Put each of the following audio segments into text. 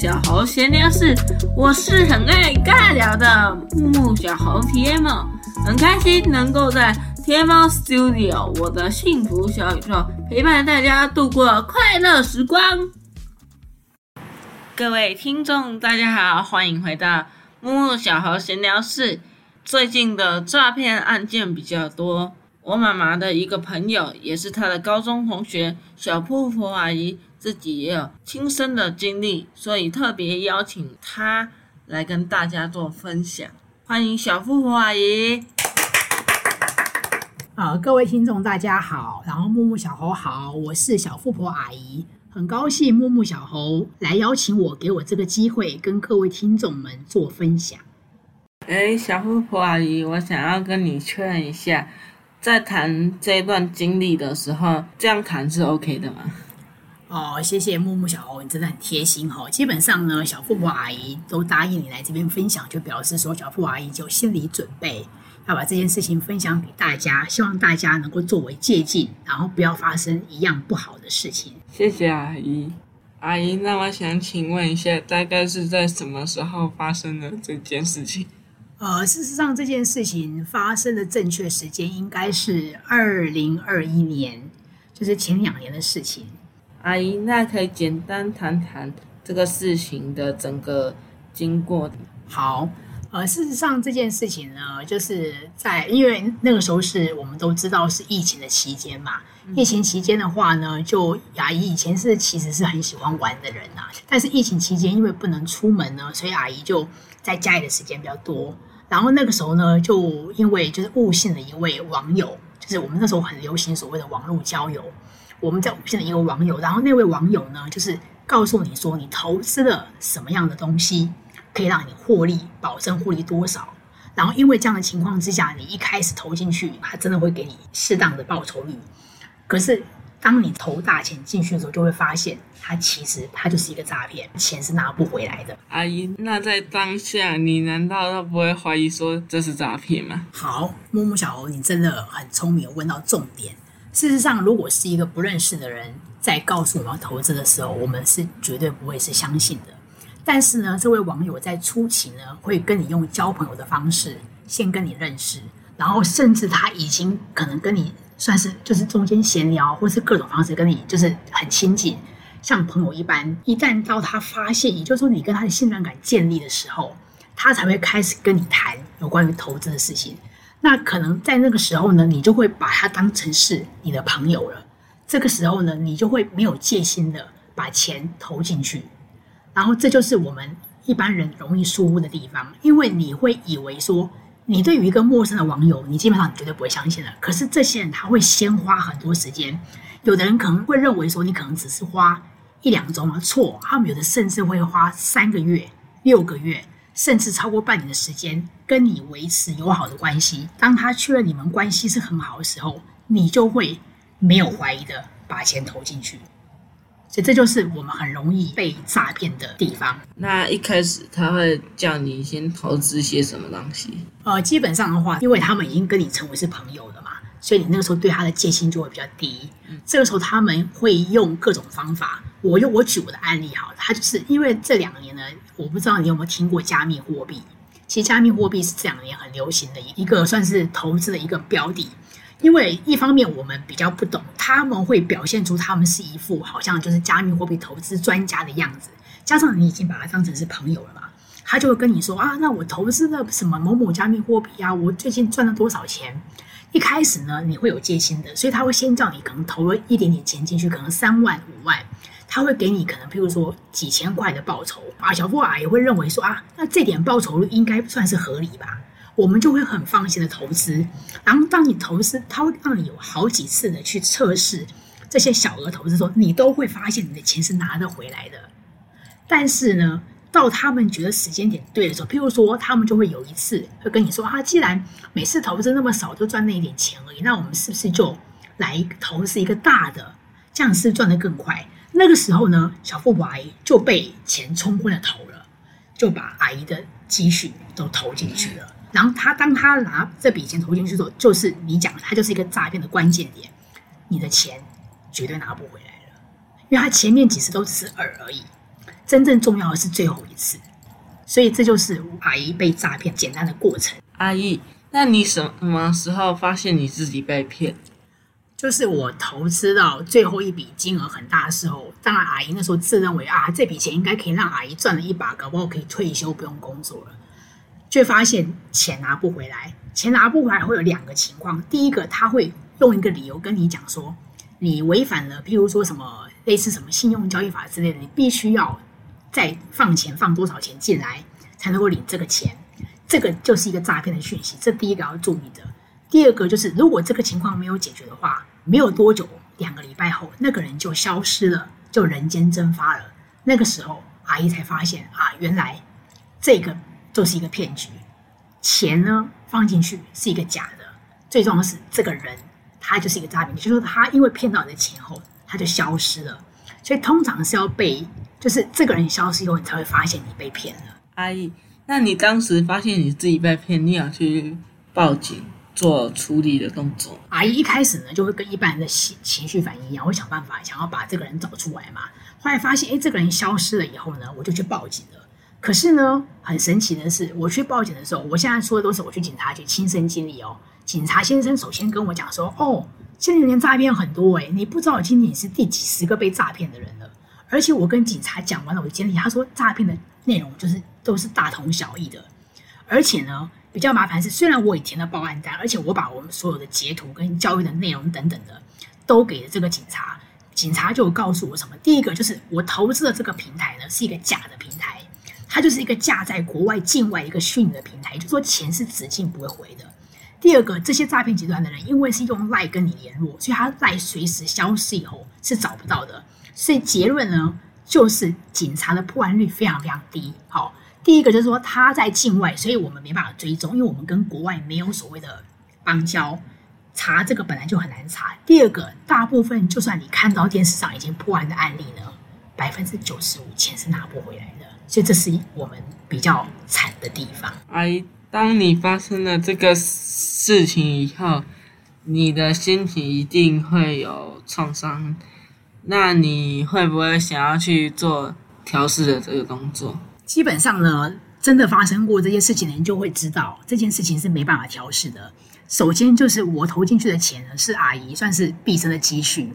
小猴閒聊室，我是很愛尬聊的沐沐小猴 T.M，很開心能夠在天貓 Studio 我的幸福小宇宙陪伴大家度過快樂時光。各位聽眾，大家好，歡迎回到沐沐小猴閒聊室。最近的詐騙案件比較多，我媽媽的一個朋友，也是她的高中同學小富婆阿姨，自己也有親身的經歷，所以特別邀請她來跟大家做分享。歡迎小富婆阿姨。哦，各位聽眾大家好，然後沐沐小猴好，我是小富婆阿姨，很高興沐沐小猴來邀請我，給我這個機會跟各位聽眾們做分享。哎，小富婆阿姨，我想要跟你確認一下，在談這段經歷的時候，這樣談是 OK 的嗎？嗯哦，謝謝沐沐小猴，你真的很貼心哦。基本上呢，小富婆阿姨都答應你來這邊分享，就表示說，小富婆阿姨就心理準備，要把這件事情分享給大家，希望大家能夠作為借鑒，然後不要發生一樣不好的事情。謝謝阿姨，阿姨，那我想請問一下，大概是在什麼時候發生的這件事情？呃，事實上，這件事情發生的正確時間應該是二零二一年，就是前兩年的事情。阿姨，那可以簡單談談這個事情的整個經過？好，呃，事實上這件事情呢，就是在因為那個時候是我們都知道是疫情的期間嘛。嗯、疫情期間的話呢，就阿姨以前是其實是很喜歡玩的人啊，但是疫情期間因為不能出門呢，所以阿姨就在家裡的時間比較多。然後那個時候呢，就因為就是誤信了一位網友，就是我們那時候很流行所謂的網絡交友。我們在微信一個網友，然後那位網友呢，就是告訴你說，你投資了什麼樣的東西可以讓你獲利，保證獲利多少。然後因為這樣的情況之下，你一開始投進去，它真的會給你適當的報酬率。可是，當你投大錢進去的時候，就會發現它其實它就是一個詐騙，錢是拿不回來的。阿姨，那在當下，你難道都不會懷疑說，這是詐騙嗎？好，沐沐小猴，你真的很聰明，問到重點。事實上，如果是一個不認識的人在告訴我們要投資的時候，我們是絕對不會是相信的。但是呢，這位網友在初期呢，會跟你用交朋友的方式先跟你認識，然後甚至他已經可能跟你算是就是中間閒聊，或是各種方式跟你就是很親近，像朋友一般。一旦到他發現，也就是說你跟他的信任感建立的時候，他才會開始跟你談有關於投資的事情。那可能在那個時候呢，你就會把他當成是你的朋友了。這個時候呢，你就會沒有戒心的把錢投進去，然後這就是我們一般人容易疏忽的地方，因為你會以為說，你對於一個陌生的網友，你基本上絕對不會相信了。可是這些人他會先花很多時間，有的人可能會認為說，你可能只是花一兩周嘛，錯，他們有的甚至會花三個月、六個月，甚至超過半年的時間。跟你維持友好的關係，當他確認你們關係是很好的時候，你就會沒有懷疑的把錢投進去。所以這就是我們很容易被詐騙的地方。那一開始他會叫你先投資些什麼東西？呃，基本上的話，因為他們已經跟你成為是朋友了嘛，所以你那個時候對他的戒心就會比較低。嗯。這個時候他們會用各種方法。我用我舉我的案例好了，他就是因為這兩年呢，我不知道你有沒有聽過加密貨幣。其實加密貨幣是這兩年很流行的一個算是投資的一個標的，因為一方面我們比較不懂，他們會表現出他們是一副好像就是加密貨幣投資專家的樣子，加上你已經把他當成是朋友了嘛，他就會跟你說啊，那我投資了什麼某某加密貨幣啊，我最近賺了多少錢？一開始呢，你會有戒心的，所以他會先叫你可能投了一點點錢進去，可能三萬五萬。他會給你可能，譬如說幾千塊的報酬啊，小富啊也會認為說啊，那這點報酬應該算是合理吧？我們就會很放心的投資。然後當你投資，他會讓你有好幾次的去測試這些小額投資的時候，說你都會發現你的錢是拿得回來的。但是呢，到他們覺得時間點對的時候，譬如說他們就會有一次會跟你說啊，既然每次投資那麼少就賺那一點錢而已，那我們是不是就來投資一個大的，這樣是賺得更快？那個時候呢，小富婆阿姨就被錢沖昏了頭了，就把阿姨的積蓄都投進去了。然後他當他拿這筆錢投進去的時候，就是你講的，他就是一個詐騙的關鍵點，你的錢絕對拿不回來了，因為他前面幾次都是餌而已，真正重要的是最後一次。所以這就是阿姨被詐騙簡單的過程。阿姨，那你什麼時候發現你自己被騙？就是我投資到最後一筆金額很大的時候，當然阿姨那時候自認為啊，這筆錢應該可以讓阿姨賺了一把，搞不好可以退休不用工作了，卻發現錢拿不回來。錢拿不回來會有兩個情況，第一個他會用一個理由跟你講說，你違反了，譬如說什麼類似什麼信用交易法之類的，你必須要再放錢放多少錢進來才能夠領這個錢，這個就是一個詐騙的訊息，這第一個要注意的。第二個就是，如果這個情況沒有解決的話，沒有多久，兩個禮拜後，那個人就消失了，就人間蒸發了。那個時候，阿姨才發現啊，原來這個就是一個騙局，錢呢放進去是一個假的，最重要是這個人他就是一個詐騙，就是說他因為騙到你的錢後，他就消失了。所以通常是要被就是這個人消失以後，你才會發現你被騙了。阿姨，那你當時發現你自己被騙，你要去報警，做處理的動作，阿姨一開始呢，就會跟一般人的情情緒反應一樣，我會想辦法想要把這個人找出來嘛。後來發現，哎，這個人消失了以後呢，我就去報警了。可是呢，很神奇的是，我去報警的時候，我現在說的都是我去警察局親身經歷哦。警察先生首先跟我講說，哦，現在人詐騙很多，欸，哎，你不知道今天是第幾十個被詐騙的人了。而且我跟警察講完了我的經歷，他說詐騙的內容就是都是大同小異的，而且呢。比較麻煩是，雖然我也填了報案單，而且我把我們所有的截圖跟交易的內容等等的，都給了這個警察，警察就告訴我什麼？第一個就是我投資的這個平台呢是一個假的平台，它就是一個架在國外境外一個虛擬的平台，就是說錢是只進不會回的。第二個，這些詐騙集團的人因為是用賴跟你聯絡，所以他賴隨時消失以後是找不到的。所以結論呢，就是警察的破案率非常非常低。好、哦。第一個就是說他在境外，所以我們沒辦法追蹤，因為我們跟國外沒有所謂的邦交，查這個本來就很難查。第二個，大部分就算你看到電視上已經破案的案例呢，百分之九十五錢是拿不回來的，所以這是我們比較慘的地方。哎，當你發生了這個事情以後，你的心情一定會有創傷，那你會不會想要去做調適的這個工作？基本上呢，真的發生過這些事情的人就會知道這件事情是沒辦法調適的。首先就是我投進去的錢呢，是阿姨算是畢生的積蓄，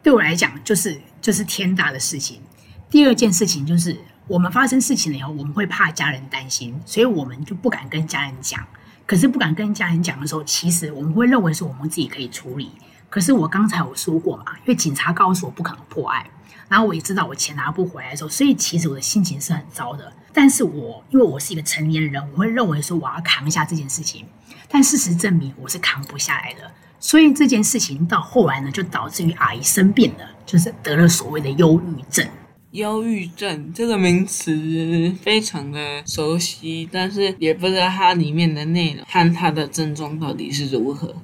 對我來講就是，就是天大的事情。第二件事情就是我們發生事情了以後，我們會怕家人擔心，所以我們就不敢跟家人講。可是不敢跟家人講的時候，其實我們會認為是我們自己可以處理。可是我剛才有說過嘛，因為警察告訴我不可能破案，然後我也知道我錢拿不回來的時候，所以其實我的心情是很糟的。但是我因為我是一個成年人，我會認為說我要扛一下這件事情。但事實證明我是扛不下來的，所以這件事情到後來呢，就導致於阿姨生病了，就是得了所謂的憂鬱症。憂鬱症這個名詞非常的熟悉，但是也不知道它裡面的內容，看它的症狀到底是如何。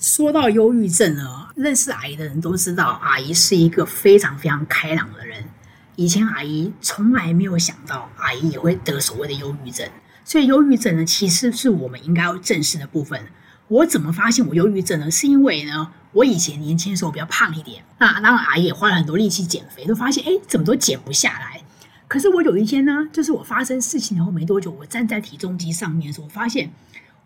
說到憂鬱症呢，認識阿姨的人都知道，阿姨是一個非常非常開朗的人。以前阿姨從來沒有想到，阿姨也會得所謂的憂鬱症。所以憂鬱症呢，其實是我們應該要正視的部分。我怎麼發現我憂鬱症呢？是因為呢，我以前年輕的時候比較胖一點啊，那當然阿姨也花了很多力氣減肥，都發現哎，怎麼都減不下來。可是我有一天呢，就是我發生事情以後沒多久，我站在體重機上面的時候，我發現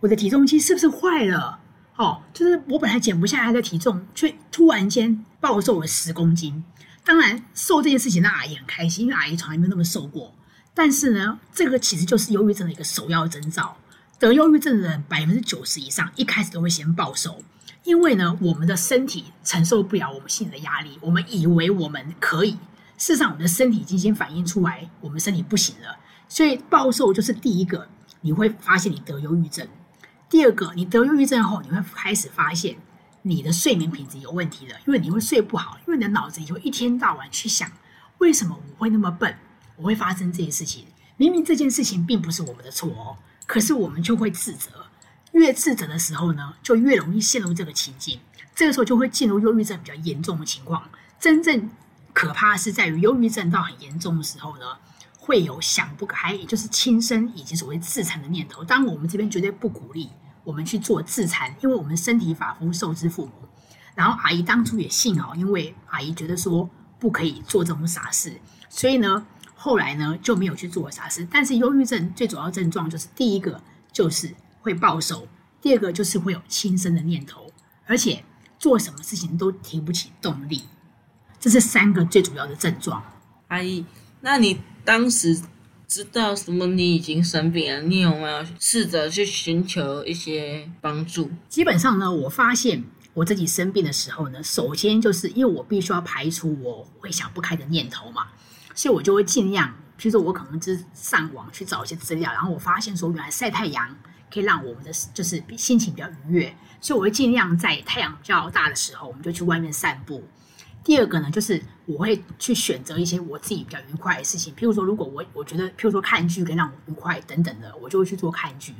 我的體重機是不是壞了？哦，就是我本來減不下來的體重，卻突然間暴瘦了十公斤。當然，瘦這件事情讓阿姨很開心，因為阿姨從來沒有那麼瘦過。但是呢，這個其實就是憂鬱症的一個首要徵兆。得憂鬱症的人百分之九十以上一開始都會先暴瘦，因為呢，我們的身體承受不了我們心理的壓力，我們以為我們可以，事實上我們的身體已經先反映出來，我們身體不行了。所以暴瘦就是第一個，你會發現你得憂鬱症。第二個，你得憂鬱症後，你會開始發現你的睡眠品質有問題了，因為你會睡不好，因為你的腦子也會一天到晚去想，為什麼我會那麼笨，我會發生這些事情？明明這件事情並不是我們的錯哦，可是我們就會自責，越自責的時候呢，就越容易陷入這個情境，這個時候就會進入憂鬱症比較嚴重的情況。真正可怕的是，在於憂鬱症到很嚴重的時候呢，會有想不開，也就是輕生以及所謂自殘的念頭。當然，我們這邊絕對不鼓勵。我們去做自殘，因為我們身體髮膚受之父母。然後阿姨當初也幸好，因為阿姨覺得說不可以做這種傻事，所以呢，後來呢就沒有去做傻事。但是憂鬱症最主要症狀就是，第一個就是會暴瘦，第二個就是會有輕生的念頭，而且做什麼事情都提不起動力，這是三個最主要的症狀。阿姨，那你當時？知道什麼？你已經生病了，你有沒有試着去尋求一些幫助？基本上呢，我發現我自己生病的時候呢，首先就是因為我必須要排除我會想不開的念頭嘛，所以我就會盡量，譬如說我可能就是上網去找一些資料，然後我發現說，原來曬太陽可以讓我們的就是心情比較愉悅，所以我會盡量在太陽比較大的時候，我們就去外面散步。第二個呢，就是我會去選擇一些我自己比較愉快的事情，譬如說，如果我我覺得，譬如說看劇可以讓我愉快等等的，我就會去做看劇。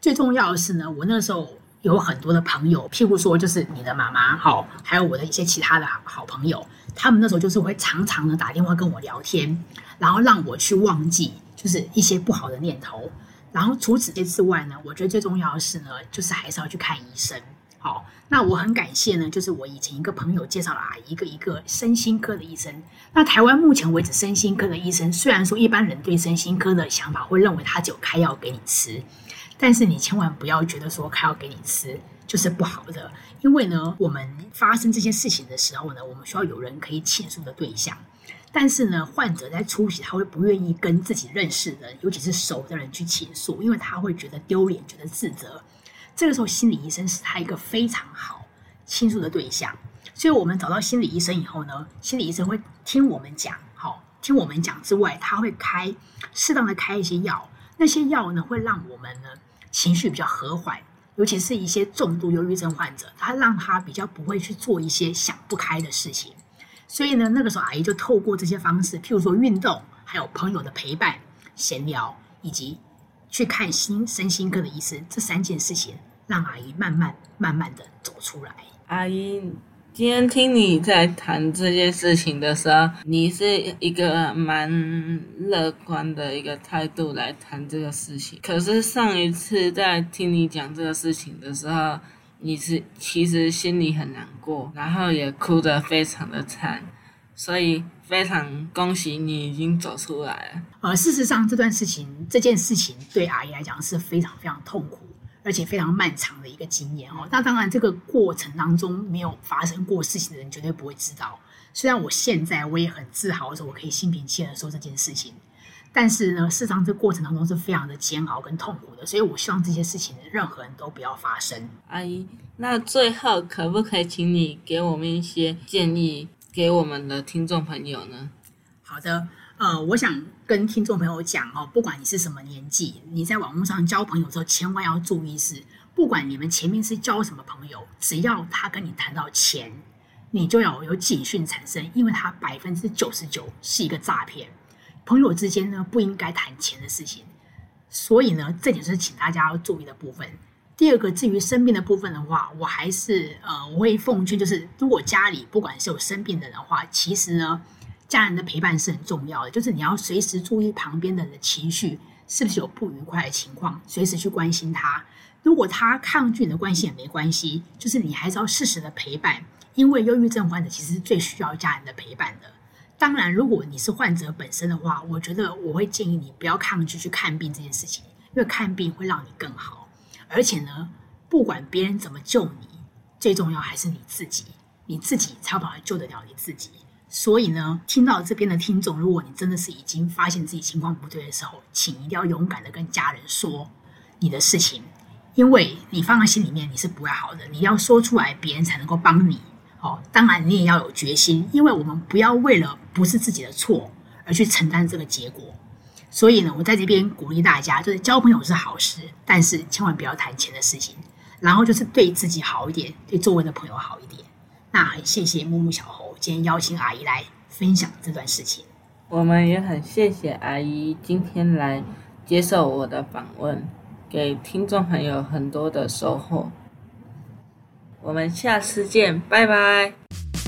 最重要的是呢，我那時候有很多的朋友，譬如說就是你的媽媽好，還有我的一些其他的好朋友，他們那時候就是會常常的打電話跟我聊天，然後讓我去忘記就是一些不好的念頭。然後除此之外呢，我覺得最重要的是呢，就是還是要去看醫生。好，那我很感謝呢，就是我以前一個朋友介紹了啊，一個一個身心科的醫生。那台灣目前為止，身心科的醫生雖然說一般人對身心科的想法會認為他只有開藥給你吃，但是你千萬不要覺得說開藥給你吃就是不好的，因為呢，我們發生這些事情的時候呢，我們需要有人可以傾訴的對象。但是呢，患者，在初期他會不願意跟自己認識的人，尤其是熟的人去傾訴，因為他會覺得丟臉，覺得自責。這個時候，心理醫生是他一個非常好傾訴的對象。所以，我們找到心理醫生以後呢，心理醫生會聽我們講，哦，好聽我們講之外，他會開適當的開一些藥。那些藥呢，會讓我們呢情緒比較和緩，尤其是一些重度憂鬱症患者，他讓他比較不會去做一些想不開的事情。所以呢，那個時候阿姨就透過這些方式，譬如說運動，還有朋友的陪伴、閒聊，以及去看心身心科的醫生這三件事情，讓阿姨慢慢、慢慢的走出來。阿姨，今天聽你在談這件事情的時候，你是一個蠻樂觀的一個態度來談這個事情。可是上一次在聽你講這個事情的時候，你是其實心裡很難過，然後也哭得非常的慘。所以非常恭喜你已經走出來了。而、呃、事實上，這段事情、這件事情對阿姨來講是非常非常痛苦。而且非常漫長的一個經驗哦，那當然這個過程當中沒有發生過事情的人絕對不會知道。雖然我現在我也很自豪說我可以心平氣和說這件事情，但是呢，事實上這個過程當中是非常的煎熬跟痛苦的。所以我希望這些事情任何人都不要發生。阿姨，那最後可不可以請你給我們一些建議，給我們的聽眾朋友呢？好的。呃，我想跟聽眾朋友講哦，不管你是什麼年紀，你在網絡上交朋友的時候，千萬要注意是，不管你們前面是交什麼朋友，只要他跟你談到錢，你就要有警訊產生，因為他百分之九十九是一個詐騙。朋友之間呢，不應該談錢的事情，所以呢，這也是請大家要注意的部分。第二個，至於生病的部分的話，我還是呃，我會奉勸就是，如果家裡不管是有生病的人的話，其實呢。家人的陪伴是很重要的，就是你要隨時注意旁邊的人的情緒是不是有不愉快的情況，隨時去關心他。如果他抗拒你的關心也沒關係，就是你還是要適時的陪伴，因為憂鬱症患者其實是最需要家人的陪伴的。當然，如果你是患者本身的話，我覺得我會建議你不要抗拒去看病這件事情，因為看病會讓你更好。而且呢，不管別人怎麼救你，最重要還是你自己，你自己才把它救得了你自己。所以呢，聽到這邊的聽眾，如果你真的是已經發現自己情況不對的時候，請一定要勇敢的跟家人說你的事情，因為你放在心裡面你是不會好的，你要說出來，別人才能夠幫你。哦，當然你也要有決心，因為我們不要為了不是自己的錯而去承擔這個結果。所以呢，我在這邊鼓勵大家，就是交朋友是好事，但是千萬不要談錢的事情。然後就是對自己好一點，對周圍的朋友好一點。那很謝謝沐沐小猴。今天邀請阿姨來分享這段事情，我們也很謝謝阿姨今天來接受我的訪問，給聽眾朋友很多的收穫。我們下次見，拜拜。